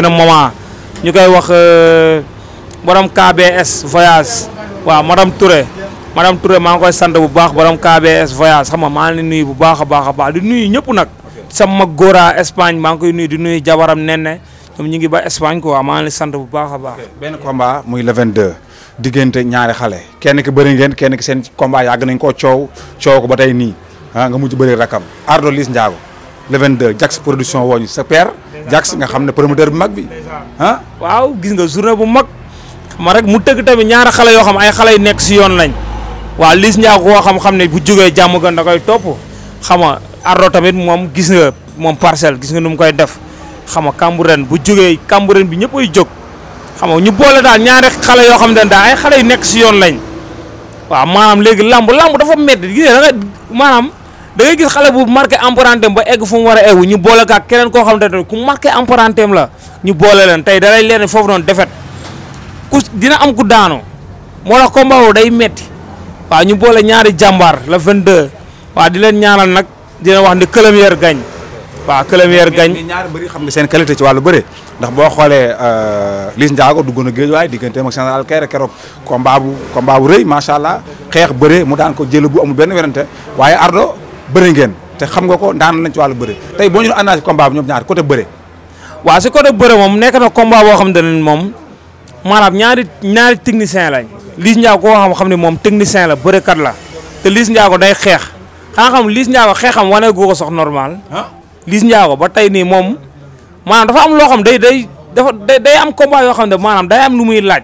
benn moment ñu koy wax euh, borom KBS voyage waaw madame Touré madame Touré maa ngi koy sant bu baax borom KBS voyage xam nga maa ngi nuy bu baax a baax a baax di nuyu ñëpp nag sama góora Espagne maa ngi koy nuyu di nuyu jabaram nenne ñoom ñu ngi ba Espagne quoi maa ngi sant bu baax a baax. benn combat muy le 22 diggante ñaari xale kenn ki bëri ngeen kenn ki seen combat yàgg nañ koo coow coow ko ba tey nii ah nga mujj bëri rakam Ardo Liss Ndiago le 22 Jax production woo sa père. Jax nga xam ne promoteur bu mag bi ah. waaw gis nga journée bu mag ma rek mu tëgg tamit ñaari xale yoo xam ay xale yu nekk si yoon lañ waaw Liss Ndiago koo xam xam ne bu jógee jàmm gan da koy topp xam nga Ardo tamit moom gis nga moom parcelle gis nga nu mu koy def xam nga Cambérène bu jógee Cambérène bi ñëpp ay jóg xam nga ñu boole daal ñaari xale yoo xam ne daal xale yu nekk si yoon lañ léegi lamb lamb dafa métti gis nga da nga da gis xale bu marqué empreinteem ba egg fu mu war a eggu ñu boole kaak keneen koo xamante ne ku marqué empreinteem la ñu boole leen tey dalay leen foofu noonu defet ku dina am ku daanu moo tax combat boobu day metti waaw ñu boole ñaari jàmbaar la 22 waaw di leen ñaanal nag dina wax ne këlëmeer gañ waaw këlëmeer gañ ñaari bëri xam nga seen qualité ci wàllu bëre ndax boo xoolee euh, Liss Ndiago dugg na géej waaye digganteem ak général Kayre keroog combat bu combat bu rëy macha allah xeex bëre mu daan ko jël bu amul benn werante waaye Ardo bëri ngeen te xam nga ko ndaan lañ ci wàllu bëri tey boo ñu analyser combat bi ñoom ñaar côté bëri waaw si côté bëri moom nekk na combat boo xam ne moom maanaam ñaari ñaari technicien lañ Liss Ndiago koo xam xam ne moom technicien la bërekat la te Liss Ndiago day xeex xanaa xam Liss Ndiago xeexam wane gu ko sox normal Liss Ndiago ba tey nii moom maanaam dafa am loo xam day day dafa day am combat yoo xam ne maanaam day am lu muy laaj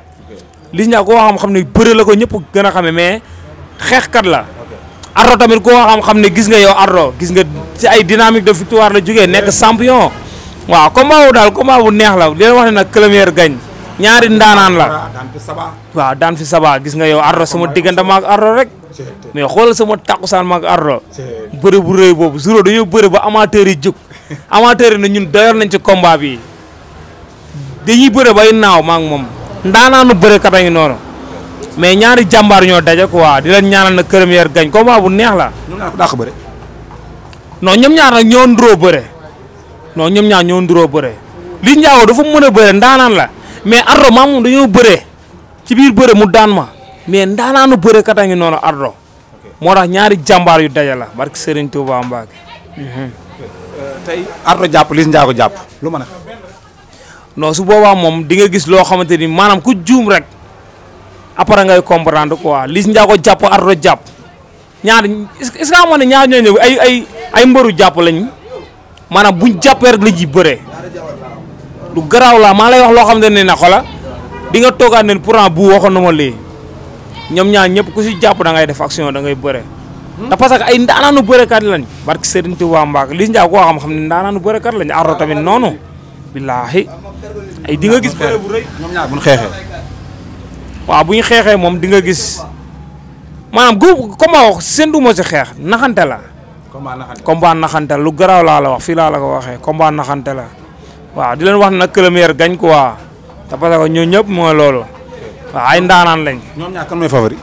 Liss Ndiago koo xam xam ne bëre la ko ñëpp gën a xame mais xeexkat la Ardo tamit koo xam-xam ne gis nga yow Ardo gis nga ci ay dynamique de victoire la jógee nekk waaw combat wu daal bu neex la li wax ne nag Clémière gañ ñaari ndaanaan la ah, waaw daan fi saba gis nga yow Ardo sama diggante maag Ardo rek mais xoolal sama takkusaan maag Ardo bëri bu rëy boobu zéro dañoo bëri ba amateur yi jóg amateur yi ne ñun doyal nañ ci combat bi dañuy bëri bay naaw maag moom ndaanaanu bëri kat a ngi noonu mais ñaari jàmbaar ñoo daje waa di leen ñaanal na këram yar gañ combat bu neex la. ñoom ñaar ñoom ñaar nag ñoo nduroo bëre non ñoom ñaar ñoo nduroo bëre li Ndiago dafa mën a bëre ndaanaan la mais Ardo maam dañoo bëre ci biir bëre mu daan ma mais ndaanaanu bëre kat a ngi noonu Ardo moo tax ñaari jàmbaar yu daje la barki Serigne Touba Mbacke. Mhm. tey Ardo jàpp li Ndiago lu mën a. su boobaa moom di nga gis loo xamante ni maanaam ku juum rek. après ngay comprendre quoi liis Ndiago jàpp Ardo jàpp ñaar est-ce ne ñaar ñooñu ay ay ay mbëru jàpp lañ maanaam buñ jàppee rek la ji bëree lu garaaw la maa lay wax loo xam ne ne na xola di nga neen ne a bu waxoon na ma lii ñoom ñaar ñëpp ku si jàpp da ngay def action da ngay bëre. Hmm? te parce que ay ndaanaanu bërekat lañ. barke Serigne Touba Mbacke Liss Ndiago koo xam-xam ne ndaanaanu bërekat lañ Ardo tamit noonu. billaahi ay di nga gis bëre bu rëy ñoom xeexee. waaw bu ñu xeexee moom di nga gis maanaam gu combat wax séntu ma si xeex naxante la. combat naxante lu garaaw laa la wax fii laa la ko waxee combat naxante la waaw di leen wax nag que le meilleur gagne quoi te parce que ñoo ñëpp mooy loolu waaw ay ndaanaan lañ. ñoom ñaar kan mooy favori.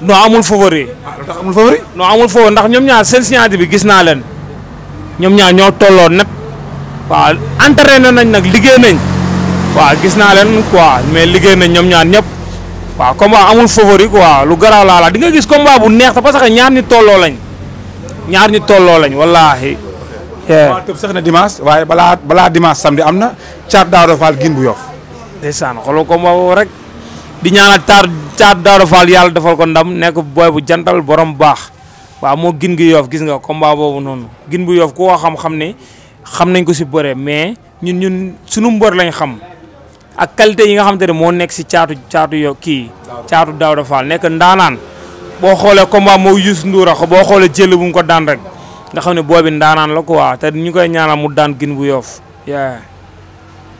non amul favori. ndax ah, amul favori. non amul ñoom ñaar seen bi gis naa leen ñoom ñaar ñoo tolloo net waaw entraîné nañ nag liggéey nañ. waaw gis naa leen quoi mais liggéey nañ ñoom ñaar ñëpp waaw combat amul favori quoi lu garaaw laa la di nga gis combat bu neex te parce que ñaar ñi tolloo lañ ñaar ñi tolloo lañ wallaahi. waaw sax na dimanche waaye balaa balaa dimanche samedi am na caat Daaro gin bu yof. ndeysaan xoolal combat boobu rek di ñaanal taar caat yàlla defal ko ndam nekk booy bu jantal borom baax waaw moo gin gi yof gis nga combat boobu noonu gin bu yof ku ko xam-xam ni xam nañ ko si bëre mais ñun ñun sunu mbër lañ xam. ak qualité yi nga xamante ne moo nekk si caatu caatu yo kii caatu Daouda Fall nekk ndaanaan boo xoolee combat moo Youssou Ndour ak boo xoolee jël bu ko daan rek nga xam ne boobi ndaanaan la ko quoi te ñu koy ñaanal mu daan gin bu yoof yaa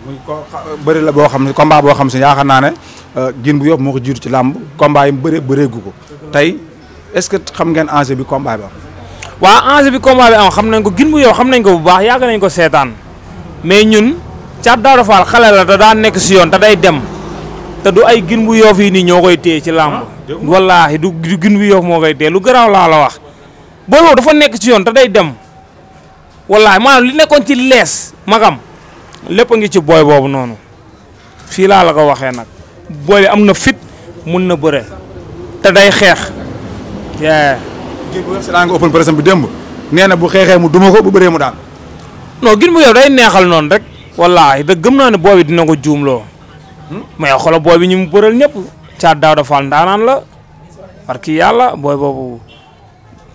muy ko bëri la boo xam ne combat boo xam si yaakaar naa ne euh, gin bu yoof moo ko jiitu ci làmb combat yi mu bëree bëreegu ko ce que xam ngeen enjeu bi combat bi am bi combat bi am xam nañ ko gin bu yoof xam nañ ko bu baax yàgg nañ ko seetaan mais ñun Caat Daawda Fall xale la te daan nekk si yoon te day dem te du ay gin bu yoof yi nii ñoo koy téye ci làmb ah, wallaahi du gin bu yoof moo koy téye lu garaaw laa la wax booy boobu dafa nekk ci yoon te day dem wallaahi maanaam li nekkoon ci lees magam lépp a ngi ci booy boobu noonu fii laa la ko waxee nag booy am na fit mun na bëre te day xeex. gin bu nga ëppal par bi dëmb nee na bu xeexee mu duma ko bu bëree mu daal. non gin bu yoof day neexal noonu rek. wallaahi da gëm naa ne boobi dina ko juumloo hmm? mais xoolal boobi ñu mu bëral ñëpp caat daaw dafaal ndaanaan la parce yàlla booy boobu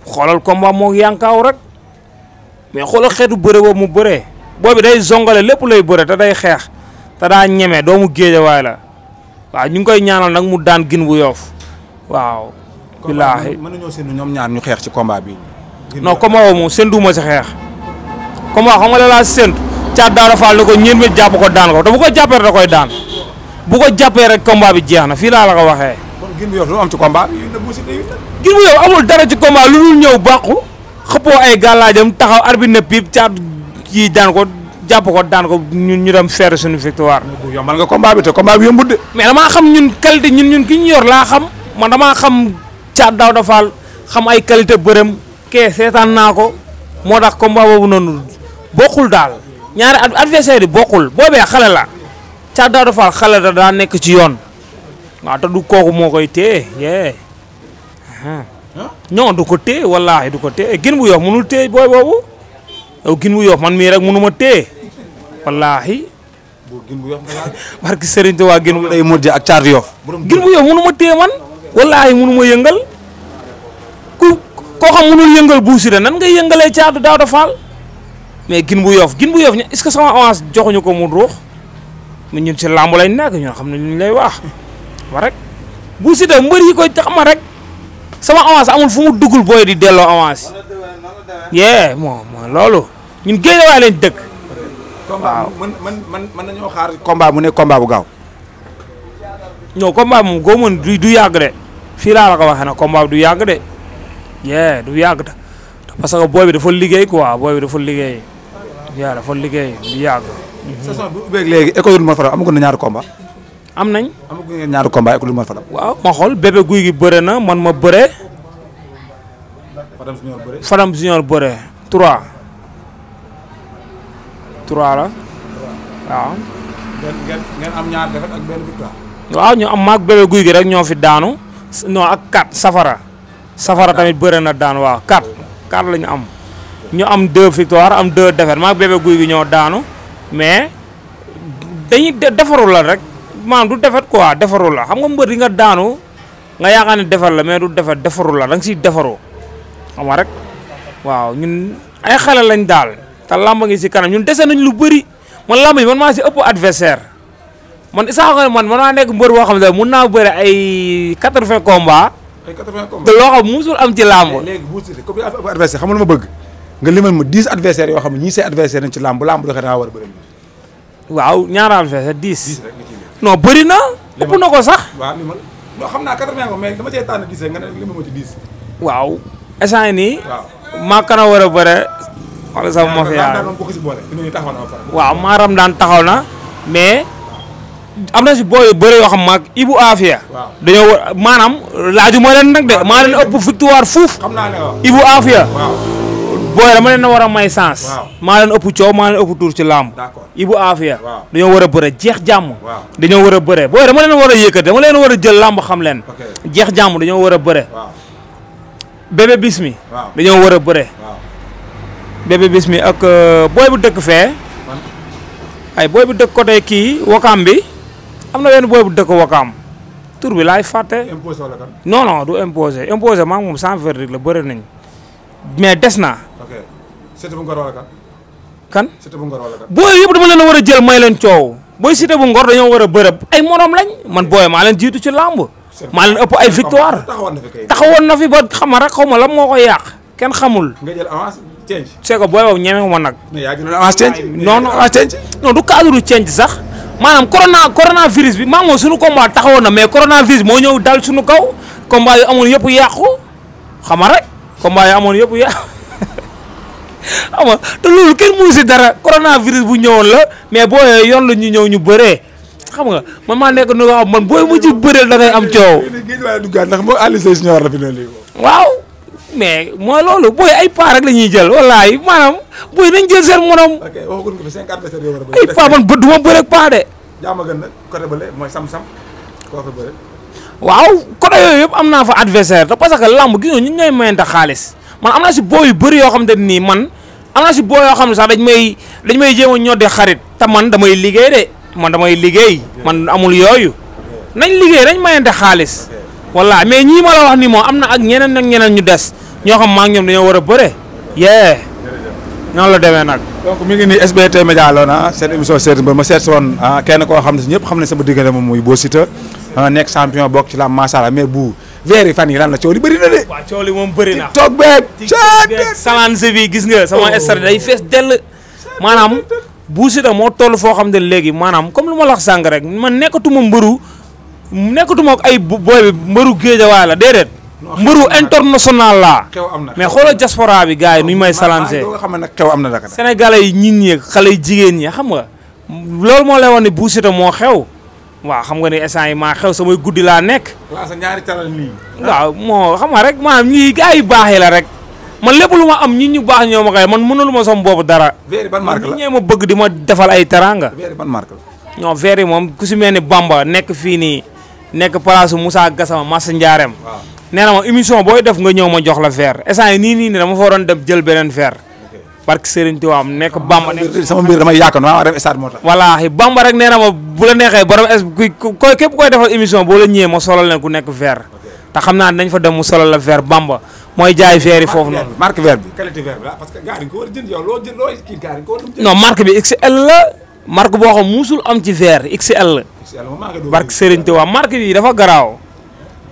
xoolal combat moo yankaaw rek mais xoolal xeetu bëre boobu mu bëree boobi day zongale lépp lay bëre te day xeex te daa ñeme doomu waay la waaw ñu ngi koy ñaanal nag mu daan gin bu yoof waaw billaahi mën nañoo séntu ñoom ñaar ñu xeex ci combat bi non combat boobu moom si xeex combat xam nga la laa caat daara faal na ko ñeent mi jàpp ko daan ko te bu ko jàppee rek da koy daan bu ko jàppee rek combat bi jeex na fii laa la ko waxee. kon gin bu yor du am ci combat. gin bu yor amul dara ci combat lu dul ñëw bàqu xëppoo ay gàllaajam taxaw arbitre ne piip kii yi daan ko jàpp ko daan ko ñun ñu dem faire suñu victoire. yombal nga combat bi te combat bi yombut de. mais damaa xam ñun qualité ñun ñun ki ñu yor laa xam man damaa xam caat daaw dafaal xam ay qualité bërëm kee seetaan naa ko moo tax combat boobu noonu bokkul daal. ñaari adversaire yi bokkul boobee xale la Thiat Daouda Fall xale la daa nekk ci yoon waaw te du kooku moo koy téye yee non du ko téye wallaahi du ko téye eh, gin bu yoof mënul téye booy boobu yow man mii rek mënuma téye wallaahi gin bu yoof barki sëriñ Tuubaa gin bu day mujj ak Thiat Yoff gin bu yoof man wallaahi mënuma yëngal ku koo xam mënul yëngal Bou Siteu nan ngay yëngalee Thiat Daouda Fall mais gin bu yoof gin bu yoof est-ce que sama avance joxuñu ko mu ruux ñun ci làmb lañ nekk ñoo xam ne ñu lay wax wax bu si mbër yi koy xam rek sama awance amul fu mu duggul booy di delloo awance yee moom loolu ñun géejawaay lañ dëkk. man man man mën nañoo xaar combat mu ne combat bu gaaw. ñoo combat moom goo mën du du de fii laa la ko waxee nag combat du yàgg de yee du yàgg de parce que booy bi dafa liggéey ko waa bi dafa liggéey. yaa dafa liggéey lu yàgg. bi ubbeeg du Morfadam amaguñ na ñaari combat. am nañ. amaguñ na ñaari combat école du Morfadam. waaw ma xool bébé guy gi bëre na man ma bëre. Fadam Junior bëre. Fadam Junior bëre 3. 3 la. waaw. ñu am maag bébé guy gi rek ñoo fi daanu. non ak 4 safara. safara tamit bëre na daan waaw 4 4 la am. ñu am deux victoire am deux défaite maag bébé guy gi ñoo daanu mais dañuy defarul la rek maanaam du defer quoi defarul la xam nga mbër yi nga daanu nga yaakaar ne defar la mais du defet defarul la da nga defaroo xam nga rek waaw ñun ay xale lañ daal te làmb ngi si kanam ñun dese nañ lu bëri man làmb yi man maa si ëpp adversaire man sax nga man man maa nekk mbër boo xam ne mun naa bëri ay quatre vingt combat. ba quatre vingt combat te loo xam musul am ci làmb. léegi bu bëgg. nga limal ma dix adversaires yoo xam ne ñii adversaire nañ ci làmb bu làmb doxee daa war a bëri waaw ñaara adversaire dix non bëri na ëpp na ko sax waaw limal non xam naa quatre waaw instant yi nii maa kan a war a bëre wala sax daan taxaw na mais am na si booy yu bëri yoo xam maag Ibu Afia. dañoo maanaam laaju ma leen nag de maa leen ëpp victoire fuuf. naa ne waaw Ibu Afia. booy dama leen a war a may sens. maa leen ëpp coow maa làmb. Ibu Afia. dañoo war a bëre jeex jàmm. dañoo war a bëre booy dama leen war a yëkkati dama leen war a jël làmb xam leen. jeex jàmm dañoo war a bëre. bébé bis dañoo war a bëre. bébé ak euh, booy bu dëkk fee. ay booy bu dëkk côté kii wakaam bi am na benn booy bu dëkk wakaam tur bi laay fàtte. imposé wala du imposé imposé maa moom sans verdict la bëre nañ mais des naa. ok bu Ngor wala kan. kan Siteu bu Ngor wala yëpp dama leen a war a jël may leen coow booy Siteu bu Ngor dañoo war a bërëb ay morom lañ man booy maa leen jiitu ci làmb. maa leen ëpp ay victoire taxawoon na fi ba xama rek xaw ma lan moo ko yàq kenn xamul. nga jël avance change. c'est que nag. mais yaa gënoon avance change. non non avance change. non du cadre change sax maanaam corona coronavirus bi maa moom suñu combat taxawoon na mais coronavirus moo ñëw dal suñu kaw combat yu amul yëpp yàqu xama rek combat yi amoon yëpp ya xam nga te loolu kenn mënu si dara coronavirus bu ñëwoon la mais boo yoon la ñu ñëw ñu bëree xam nga man maa nekk nu nga man booy mujj bëreel da ngay am coow. ndax moo Aliou Seye Junior la fi ne waaw mais mooy loolu booy ay paa rek la ñuy jël wallaahi maanaam booy nañ jël seen morom. ok waxagul ko a bëri ay paa man du ma bëreeg paa de. jàmm mooy sam-sam koo waaw côté yooyu yëpp am naa fa adversaire te parce que lamb gi ñun ñooy mayante xaalis man am naa si boo yu bëri yoo xam te nii man am naa si boo yoo xam ne sax dañ may dañ may jéem a ñoddi xarit te man damay liggéey de man damay liggéey man amul yooyu nañ liggéey nañ mayante xaalis voilà mais ñii ma la wax ni moom am na ak ñeneen ak ñeneen ñu des ñoo xam maa ñoom dañoo war a bëre yee noonu la demee nag. donc mi ngi nii SBT Média la woon ah, seet ba ma seet si woon ah, kenn koo xam ne si xam ne sama diggante moom muy Bou Siteu ah, nekk champion bokk ci la macha allah mais bu weeri fan yi lan la coow li bëri na de. waaw coow li moom bëri na toog gis nga sama oh. star day fees dell maanaam Bou moo toll foo xam ne léegi maanaam comme lu ma la wax sàng rek man nekkatuma mbaru nekkatuma ak ay booy bi mbëru géejawaay la déedéet. mbëru international laa. mais xoolal diaspora bi gars yi nuñ may salancé. sénégalais yi ñii ñi xale yi jigéen ñi xam nga. loolu moo lay wax ne Bou Siteu moo xew. waaw xam nga ni instant yi maa xew samay guddi laa nekk. waaw moo xam nga rek maanaam nii gars yi baaxee la rek. man lépp lu ma am ñi ñu baax ñoo ma koy man mënalu ma sama boobu dara. man ñi ñee ma bëgg di ma defal ay teraanga. ñoo verre yi moom ku si mel ni Bamba nekk fii nii nekk palaasu musaa Gassama mas Ndiarème. nee na ma émission booy def nga ñëw ma jox la verre instant yi nii nii nii dama fa waroon dem jël beneen verre barke Serigne Thiaw nekk Bamba ah, nekk. sama mbir damay yaakaar naa dem nee na ma bu la neexee borom es ma solal leen ku nekk verre te xam naa dañ fa dem mu solal la verre mooy jaay verre yi foofu noonu. marque verre bi qualité verre bi ah, parce que boo xam musul am ci verre XL la. XL moom maa ngi doon barke Serigne Thiaw dafa garaaw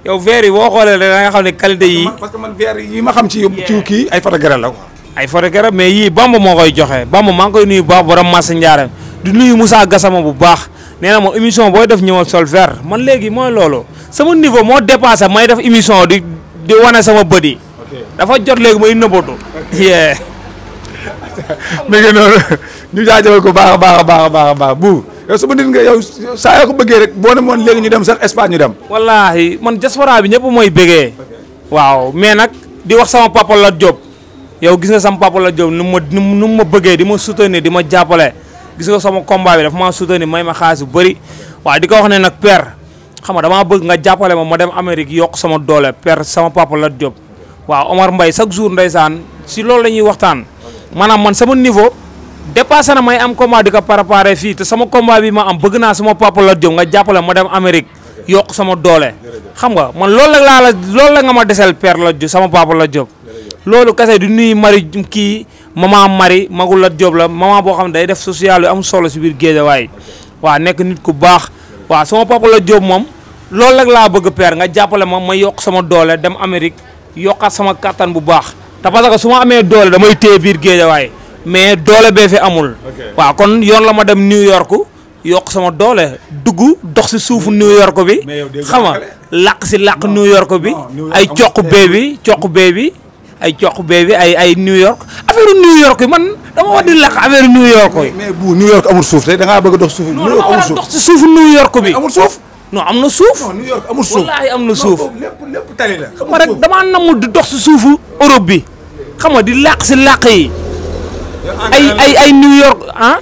yow verre yi boo xoolee da nga xam ne qualité yi. parce que man verre yi ma xam ci ci kii ay photographe la quoi. ay photographe mais yii bamb moo koy joxe bamb maa ngi koy nuyu bu baax borom Massa Ndiarème di nuyu Moussa Gassama bu baax nee na moom émission booy def ñëwal sol verre man léegi mooy loolu sama niveau moo dépassé may def émission di di wane sama bët yi. dafa jot léegi may nëbbatu. ok mi ngi noonu ñu jaajëfal ko baax a baax a baax baax bu. yow sama nit nga yow saa yoo ko bëggee rek boo ne moon léegi ñu dem sax Espagne ñu dem. wallaahi man diaspora bi ñëpp mooy bëggee. waaw mais nag di wax sama papa la Diop. yow gis nga sama papa la Diop nu mu ma nu mu ma bëggee di ma soutenir di ma jàppale gis nga sama combat bi daf maa soutenir may ma xaalis bu bëri waaw di ko wax ne nag père xam nga damaa bëgg nga jàppale ma ma dem Amérique yokk sama doole per sama papa la Diop. waaw Omar mbay chaque jour ndeysaan si loolu la ñuy waxtaan maanaam man sama niveau. dépassé na may am combat di ko préparé fii te sama combat bi ma am bëgg naa sama papa la jom nga jàppale ma dem Amérique yokk sama doole. xam nga man loolu la laa la la nga ma desel père la sama papa la jom loolu kese du nuy mari kii maman mari magul la jom la boo xam ne day def social am solo si biir géejawaay waa nekk nit ku baax waaw sama papa la jom moom loolu la laa bëgg père nga jàppale ma ma yokk sama doole dem Amérique yokkaat sama kattan bu baax te parce que su ma amee doole damay téye biir géeja waaye mais doole bee fi amul. waaw kon yoon la ma dem New York yokk sama doole dugg dox si suufu New York bi. xam nga làq si làq New York bi. ay coq bee bi coq bee bi. ay coq bi ay ay New York affaire New York yi man dama war di làq affaire New York yi. mais bu New York amul suuf de da bëgg dox suuf. New York bi amul suuf. non am na suuf non amul suuf wallaahi am na suuf lépp lépp tali la. xam nga rek damaa namm di dox si suufu Europe bi xam nga di làq si làq yi. ay ay ay New York ah.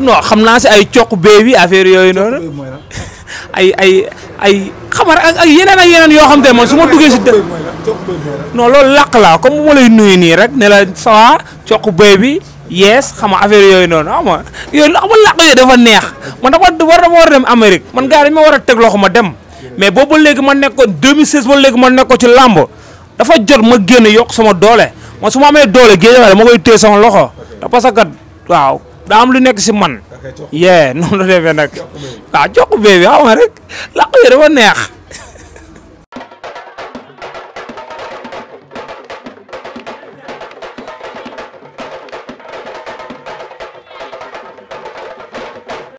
no xam naa si ay coq bee bi affaire yooyu noonu ay ay ay xamar ak ay yeneen ak yeneen yoo xam te man su ma duggee si dë non loolu làq laa comme bu ma lay nuyu nii rek ne la sawa coq bee bi yees xama affaire yooyu noonu xam nga yooyu xam làq yooyu dafa neex man dafa war dama war a dem Amérique man gaa dañ ma war a teg loxo ma dem mais boobu léegi ma nekkoon 2016 ba léegi ma nekkoon ci làmb dafa jot ma génn yokk sama doole man su ma amee doole géejawaay dama koy téye loxo parce que waaw daam lu nekk si man. yee noonu la defee nag waaw jokk bee bi rek làq yi dafa neex.